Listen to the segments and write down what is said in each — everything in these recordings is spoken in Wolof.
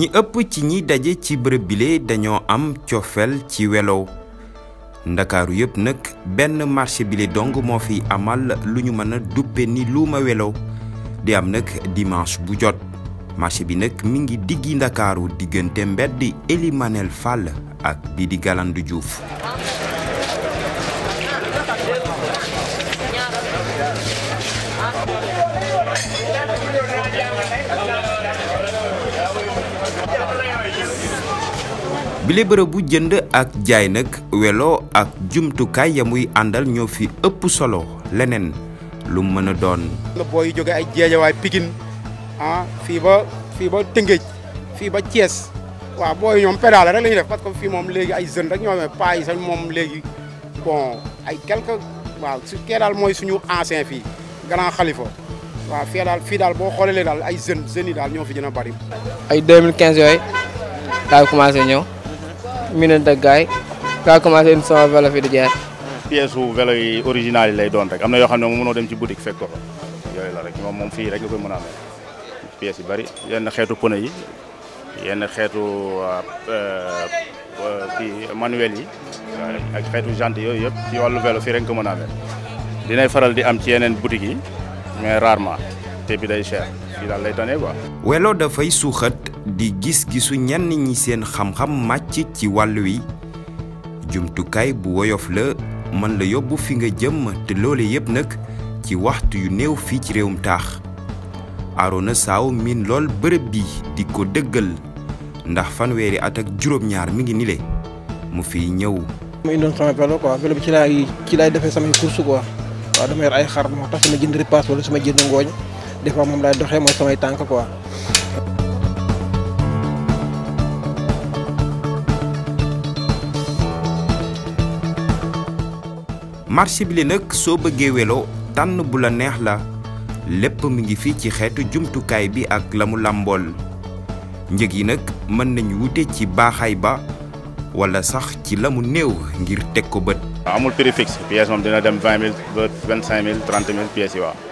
ñi ëpp ci ñi daje ci bërëb bile dañoo am cofeel ci welow ndakaaru yépp nag benn marché bile dong moo fi amal lu ñu mën a duppe ni luuma welo di am nag dimanche bu jot marché bi nag mi ngi diggi ndakaaru diggante mbedd Elimanel Fall ak bii di Galandou juuf bile bërëbu jënd ak jaay nag welo ak jumtukaay ya muy àndal ñoo fi ëpp solo leneen lu mën a doon. boo yu jógee ay jeejawaay Pikine ah fii ba fii ba Tëngéej fii ba cees waaw booy ñoom pédale rek la ñuy def parce que fii moom léegi ay jeunes rek ñoo amee paa yi sax moom léegi bon ay quelque waaw su kee daal mooy suñu ancien fii ganaa xalifa waa fii daal fii daal boo xoolee daal ay jeunes jeunes yi daal ñoo fi gën a bari. ay 2015 yooyu daal commencé ñëw. mi ne dëggaay ngaa commencé indi sama vélo fi di jaay. pièce su yi original yi lay doon rek am na yoo xam ne moom mënoo dem ci boutique fekk ko yooyu la rek moom moom fii rek nga koy mën a amee pièces yu bari yenn xeetu pneu yi yenn xeetu euh, euh, kii manuel yi ak xeetu jante yooyu yëpp ci wàllu velo fii rek nga ko mën a amee dinay faral di am ci yeneen boutique yi mais rarement. bi day cher fii daal lay tane quoi. welo dafay suuxat di gis-gisu ñenn ñi seen xam-xam màcc ci wàll wi jumtukaay bu woyof la mën la yóbbu fi nga jëm te loole yépp ci waxtu yu ci Arona Saaw min lol bërëb bi di ko dëggal ndax fanweeri at ak juróom-ñaar mi ngi nile mu fiy er ñëw. ma indoon sama vélo quoi vélo ci laay ci laay course quoi dama ay xar tax jënd wala sama jënd des fois moom laay doxee mooy samay tànk quoi. marché bi li nag soo bëggee welo tan bu la neex la lépp mi ngi fii ci xeetu jumtukaay bi ak la mu làmbool njëg yi nag mën nañu wute ci baaxaay ba wala sax ci la mu néew ngir teg ko bët. amul prix fixe pièce moom dina dem vingt mille ba vingt yi waaw.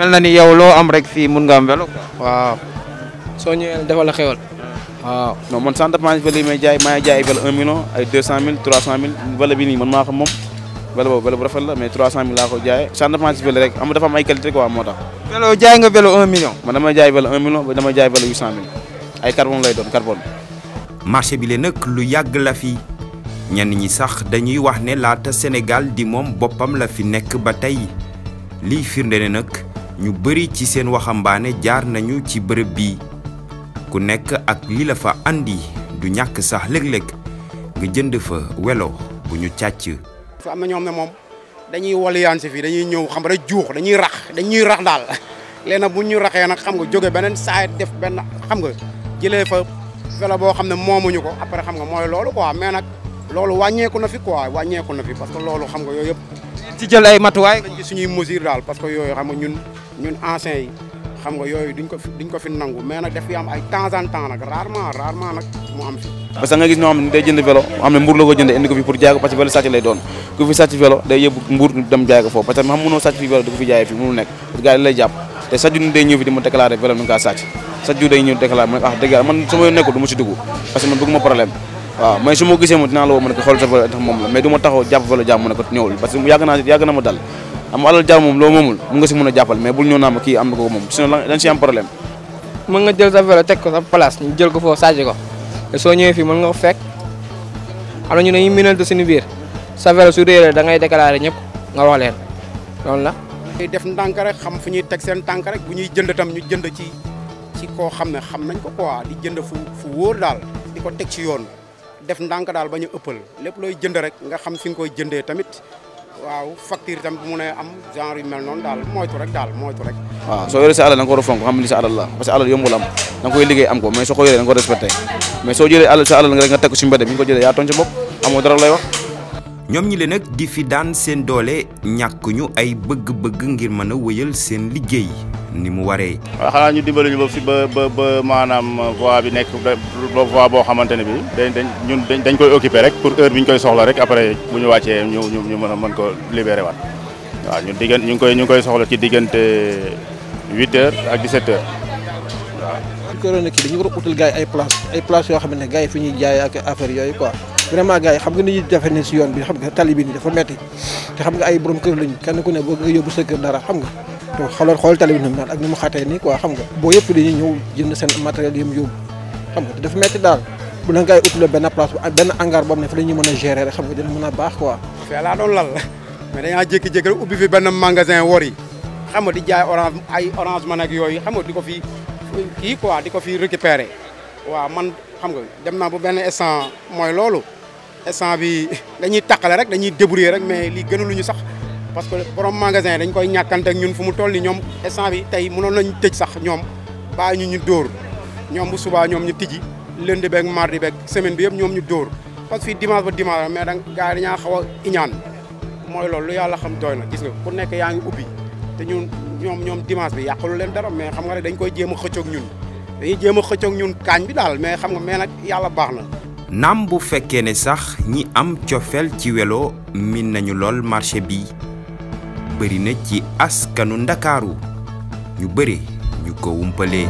mel na ni yow loo am rek fii mun nga am welo waaw soo ñëwee defal la xewal hmm. waaw non man sant maa ngi fa lii may jaay maa ngi jaay welo un million ay deux cent mille trois cent mille welo bi nii man maa xam moom welo boobu welo bu rafet la mais trois cent mille laa ko jaayee sant maa ngi fa rek am dafa am ay qualité quoi moo tax welo jaay nga welo un million man damay jaay welo un million ba damay jaay welo huit cent mille ay carbone lay doon carbone marché bi le nag lu yàgg la fi ñenn ñi sax dañuy wax ne laata Sénégal di moom boppam la fi nekk ba tey lii firnde ne nag ñu bëri ci seen waxambaane jaar nañu ci bërëb bi ku nekk ak li andi du ñàkk sax léeg-léeg nga jënd fa welo bu ñu càcc. fa am na ñoom ne moom dañuy woliyaan si fii dañuy ñëw xam rek juux dañuy rax dañuy rax daal léegi nag bu ñu raxee nag xam nga jóge beneen saa def benn xam nga jëlee fa welo boo xam ne moomuñu ko après xam nga mooy loolu quoi mais loolu loolu wàññeeku na fi quoi wàññeeku na fi parce que loolu xam nga yooyu yëpp. ci jël ay matuwaay. dañ ci suñuy daal parce que yooyu xam nga ñun. ñun anciens yi xam nga yooyu duñ ko fi duñ ko fi nangu mais nag daf fi am ay temps en temps nag rarement rarement nag mu am fi. parce que nga gis ñoo xam ne day jënd ne mbuur la ko jënd indi ko fi pour te chaque jour day ne ko sa vélo moom la mais mu ne ko dal am alal jar moom loo moomul mu nga si mën a jàppal mais bul ñëw naa ma kii am na ko moom sinon dañ si am problème mën nga jël sa vélo teg ko sa place ñu jël ko foofu sàcc ko te soo ñëwee fii mën nga ko fekk am na ñu ne ñu minante suñu biir sa vélo su réeree da ngay déclaré ñëpp nga wax leen loolu la def ndànk rek xam fu ñuy teg seen tànk rek bu ñuy jënd tam ñu jënd ci ci koo xam xam nañ ko quoi di jënd fu fu wóor daal di ko teg ci yoon def ndànk daal ba ñu ëppal lépp looy jënd rek nga xam fi nga koy tamit waaw facture tamit bu mun a am genre yu mel noonu daal moytu rek daal moytu rek. waaw ah, soo yoree sa alal da nga ko a fonk xam li sa alal la parce que alal yombul am da nga koy liggéey am ko mais soo ko yoree da nga ko respecté mais soo jëlee alal sa alal nga teg ko si mbedd mi yaa tooñ sa bopp amoo dara lay wax. ñoom ñi le nag di fi daan seen doole ñàkk ñu ay bëgg-bëgg ngir mën a wëyal seen liggéey. ni mu waree xanaa ñu dimbali ñu ba ba ba ba maanaam bi nekk voie boo xamante bi dañ ñun dañ koy occupé rek pour heure bi koy soxla rek après bu ñu wàccee ñu ñu ñu mën mën ko libéré waat waaw ñun diggante ñu koy ñu koy soxla ci diggante 8 heures ak 17 heures corona ki dañu war a utal ay place ay place fi ñuy jaay ak affaire quoi vraiment xam nga ni ne yoon bi xam nga tali ni dafa metti te xam nga ay borom kër lañu kenn ku ne nga sa dara xam nga te xoolal xool tali bi nu mu naan ak ni mu xatee nii quoi xam nga boo yëpp dañuy ñëw jënd seen matériel yi mu yóbbu xam nga te dafa metti daal bu la ngay utile benn place benn boo a a baax quoi. fee laa fi benn magasin wor yi xam nga di jaay orange ay orange man ak yooyu xam nga di ko fi kii quoi di ko fi récupérer waaw man xam nga dem naa bu benn instant mooy loolu instant bi dañuy taqale rek dañuy débrouiller rek mais lii gënaluñu sax parce que borom magasin dañ koy ñàkkante ñun fu mu toll nii ñoom instant bi tey mënoon nañ tëj sax ñoom baa ñu ñu dóor ñoom bu subaa ñoom ñu tijji lundi beeg mardi beeg semaine bi yëpp ñoom ñu dóor parce que fii ba dimanche mais da gars yi dañaa xaw a iñaan mooy loolu lu yàlla xam doy na gis nga ku nekke yaa ngi ubbi te ñoom ñoom dimanche bi yàqalu leen dara mais xam nga rek dañ koy jéem a xëccoog ñun dañuy jéem a xëccoog ñun kaañ bi daal mais xam nga mais nag yàlla baax na naam bu fekkee ne sax ñi am cofeel ci welo min nañu lool marché bi bëri na ci askanu ndakaaru ñu bëri ñu ko wumpalee